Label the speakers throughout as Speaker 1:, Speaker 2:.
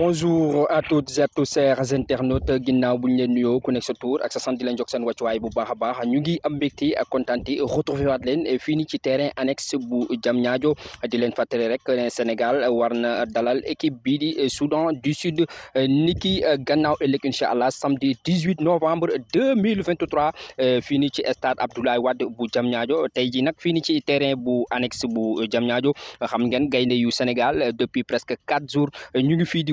Speaker 1: bonjour à toutes et à tous chers internautes Ginnaw buñ ñu leen ku sa tour ak sa sant di len jox seen wàccuwaay bu baax baax ñu ngi am ak retrouver wat leen fini ci terrain annexe bu Diamniadio di len fàttali rek le Sénégal warna dalal équipe bi di Soudan du Sud niki gannaaw ëllëg inshallah allah samedi 18 novembre 2023 fini ci stade Abdoulaye Wade bu Diamniadio Tay ji nak fini ci terrain bu annexe bu Diamniadio xam ngeen gaynde yu Sénégal depuis presque 4 jours ñu ngi fi di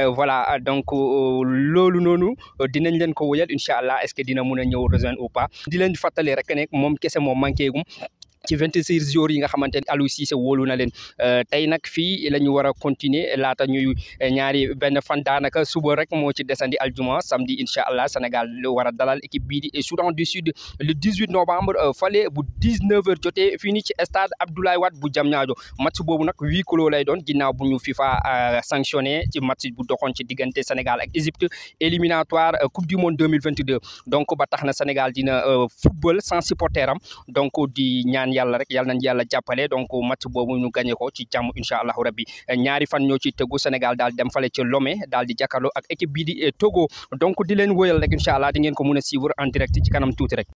Speaker 1: Euh, voilà euh, donc euh, loolu noonu dinañ leen ko woyal incha est ce que dina mun a ñëw rejoindre ou pas di leen fatalé rek nek mom kessé mom manqué gum ci 26 jours yi nga xamanteni alou Aliou Cissé wóolu na len euh, tey nag fii la ñu a continuer lata ñuy euh, ñaari ben fan daanaka suba rek mo ci desandi aljuma samedi inshallah senegal Sénégal wara dalal équipe bi di Soudan du Sud le 18 novembre euh, falé bu 19h heures fini ci stade Abdoulaye Wade bu Diamniadio match bobu nak huis clos lay don ginnaw bu ñu FIFA sanctionné ci match bu doxoon ci diganté Sénégal ak Égypte éliminatoire coupe du monde 2022, donc ba taxna na Sénégal dina football sans supporter donc di ñaan yàlla rek yàlla nañ yàlla jàppale donc match boobu ñu gagné ko ci jàmm incha allahu rabbi ñaari fan ñoo ci tegu Sénégal daal dem fale ci Lomé daal di jàkkaarloo ak équipe bii di eh, Togo donc di leen wóyal rek incha allah di ngeen ko mën a suivre en direct ci kanam tuuti rek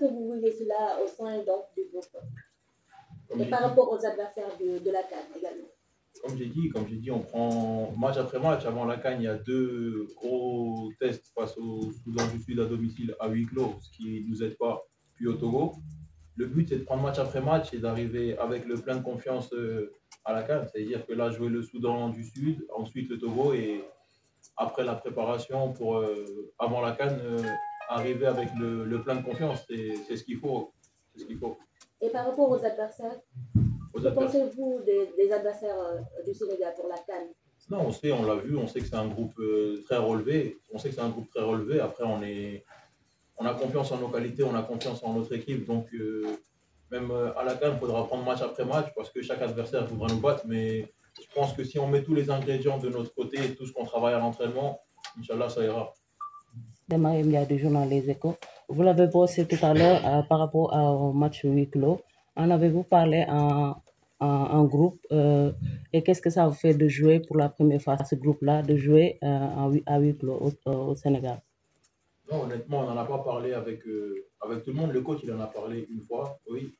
Speaker 2: que vous voulez cela au sein donc, du groupe Et par rapport aux adversaires de, de la CAN également comme j'ai dit, comme j'ai dit, on prend match après match. Avant la Cannes, il y a deux gros tests face au Soudan du Sud à domicile à huis clos, ce qui ne nous aide pas, puis au Togo. Le but, c'est de prendre match après match et d'arriver avec le plein de confiance euh, à la Cannes. C'est-à-dire que là, jouer le Soudan du Sud, ensuite le Togo, et après la préparation pour euh, avant la Cannes, euh, arriver avec le, plein de confiance. C'est ce qu'il faut. C'est ce qu'il faut.
Speaker 1: Et par rapport aux adversaires,
Speaker 2: que pensez-vous
Speaker 1: des, adversaires euh, du Sénégal pour la Cannes
Speaker 2: Non, on sait, on l'a vu, on sait que c'est un groupe euh, très relevé. On sait que c'est un groupe très relevé. Après, on est, on a confiance en nos qualités, on a confiance en notre équipe. Donc, euh, même à la Cannes, il faudra prendre match après match parce que chaque adversaire voudra nous battre. Mais je pense que si on met tous les ingrédients de notre côté et tout ce qu'on travaille à l'entraînement, Inch'Allah, ça
Speaker 3: ira.
Speaker 1: Demain, il y a du journal Les Échos. Vous l'avez posé tout à l'heure euh, par rapport au match huis clos. En avez-vous parlé en, en, groupe euh, et qu'est-ce que ça vous fait de jouer pour la première fois ce groupe-là, de jouer euh, à huis clos au, Sénégal
Speaker 2: Non, honnêtement, on n'en a pas parlé avec, avec tout le monde. Le coach, il en a parlé une fois, oui.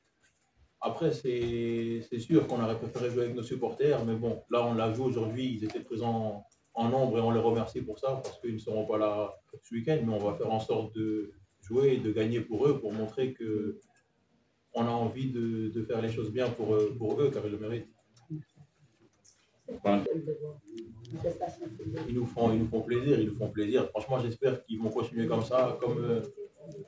Speaker 2: Après, c'est sûr qu'on aurait préféré jouer avec nos supporters, mais bon, là, on l'a vu aujourd'hui, ils étaient présents en nombre et on les remercie pour ça parce qu'ils ne seront pas là ce week-end, mais on va faire en sorte de jouer et de gagner pour eux pour montrer que on a envie de, faire les choses bien pour, euh, pour eux car ils le méritent. Ils nous, font, plaisir, ils nous font plaisir. Franchement, j'espère qu'ils vont continuer comme ça, comme, euh,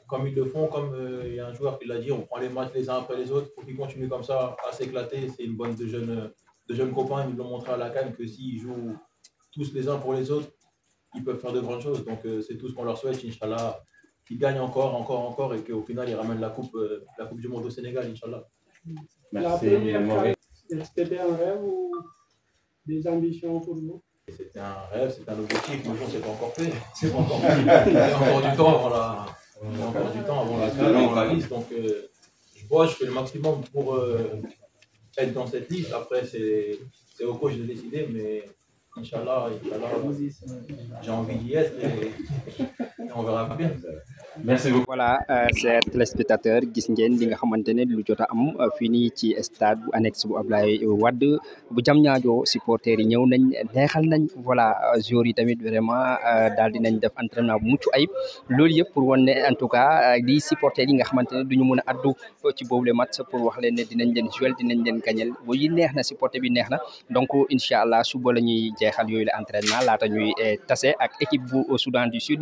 Speaker 2: comme ils le font, comme euh, il y a un joueur qui l'a dit, on prend les matchs les uns après les autres, pour qu'ils continuent comme ça à s'éclater. C'est une bonne de jeunes, de jeunes copains, ils nous l'ont montré à la canne que s'ils jouent tous les uns pour les autres, ils peuvent faire de grandes choses. Donc euh, c'est tout ce qu'on leur souhaite, Inch'Allah, qu'ils gagnent encore, encore, encore et qu'au final ils ramènent la coupe, euh, la coupe du Monde au Sénégal, Inch'Allah. Merci,
Speaker 3: C'était un rêve ou
Speaker 2: des ambitions pour nous C'était un rêve, c'était un
Speaker 3: objectif. Mais je ne sais pas encore fait. C'est encore a encore du temps avant la, encore du temps avant la, ah, liste. Donc,
Speaker 2: euh, je vois, je fais le maximum pour être dans cette liste. Après, c'est au coach de décider, mais Inch'Allah, Inch'Allah. J'ai envie d'y être et, on verra bien. merci beaucoup
Speaker 1: voilà euh, chers téléspectateurs gis ngeen li nga xamante ne lu jot a am euh, fii nii ci stade bu annexe bu Ablaye Wade bu Diamniadio supporters yi ñëw nañ neexal nañ voilà joueurs yi tamit vraiment euh, daal di nañ def entraînement bu mucc ayib loolu yëpp pour wan en tout cas di supporters yi nga xamante ne duñu mën a addu ci boobule match pour wax leen ne dinañ leen jouer dinañ leen gañel bu yi neex na supporter bi neex na donc incha allah suba la ñuy jeexal yooyu la entraînement laata ñuy tase ak équipe bu Soudan du Sud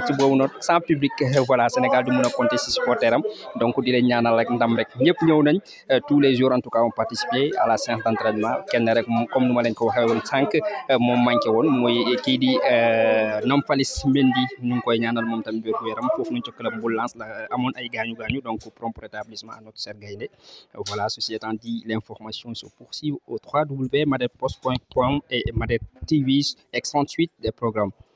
Speaker 1: match bobu noonu sans public voilà Sénégal du mën compter si supporter donc di lay ñaanal rek ndam rek ñëpp ñew nañ euh, tous les jours en tout cas on participé à la séance d'entraînement kenn rek comme nu ma leen ko waxé woon sànq euh, mom manké won moy ki di euh, Nampalys Mendy ñu ngi koy ñaanal mom tam wér wéram fofu ñu ci club bu lance la amone ay gañu gañu donc propre établissement à notre cher Gaïndé voilà ceci étant dit l'information se poursuit au 3w www.madeppost.com et Madep TV, X38 des programmes.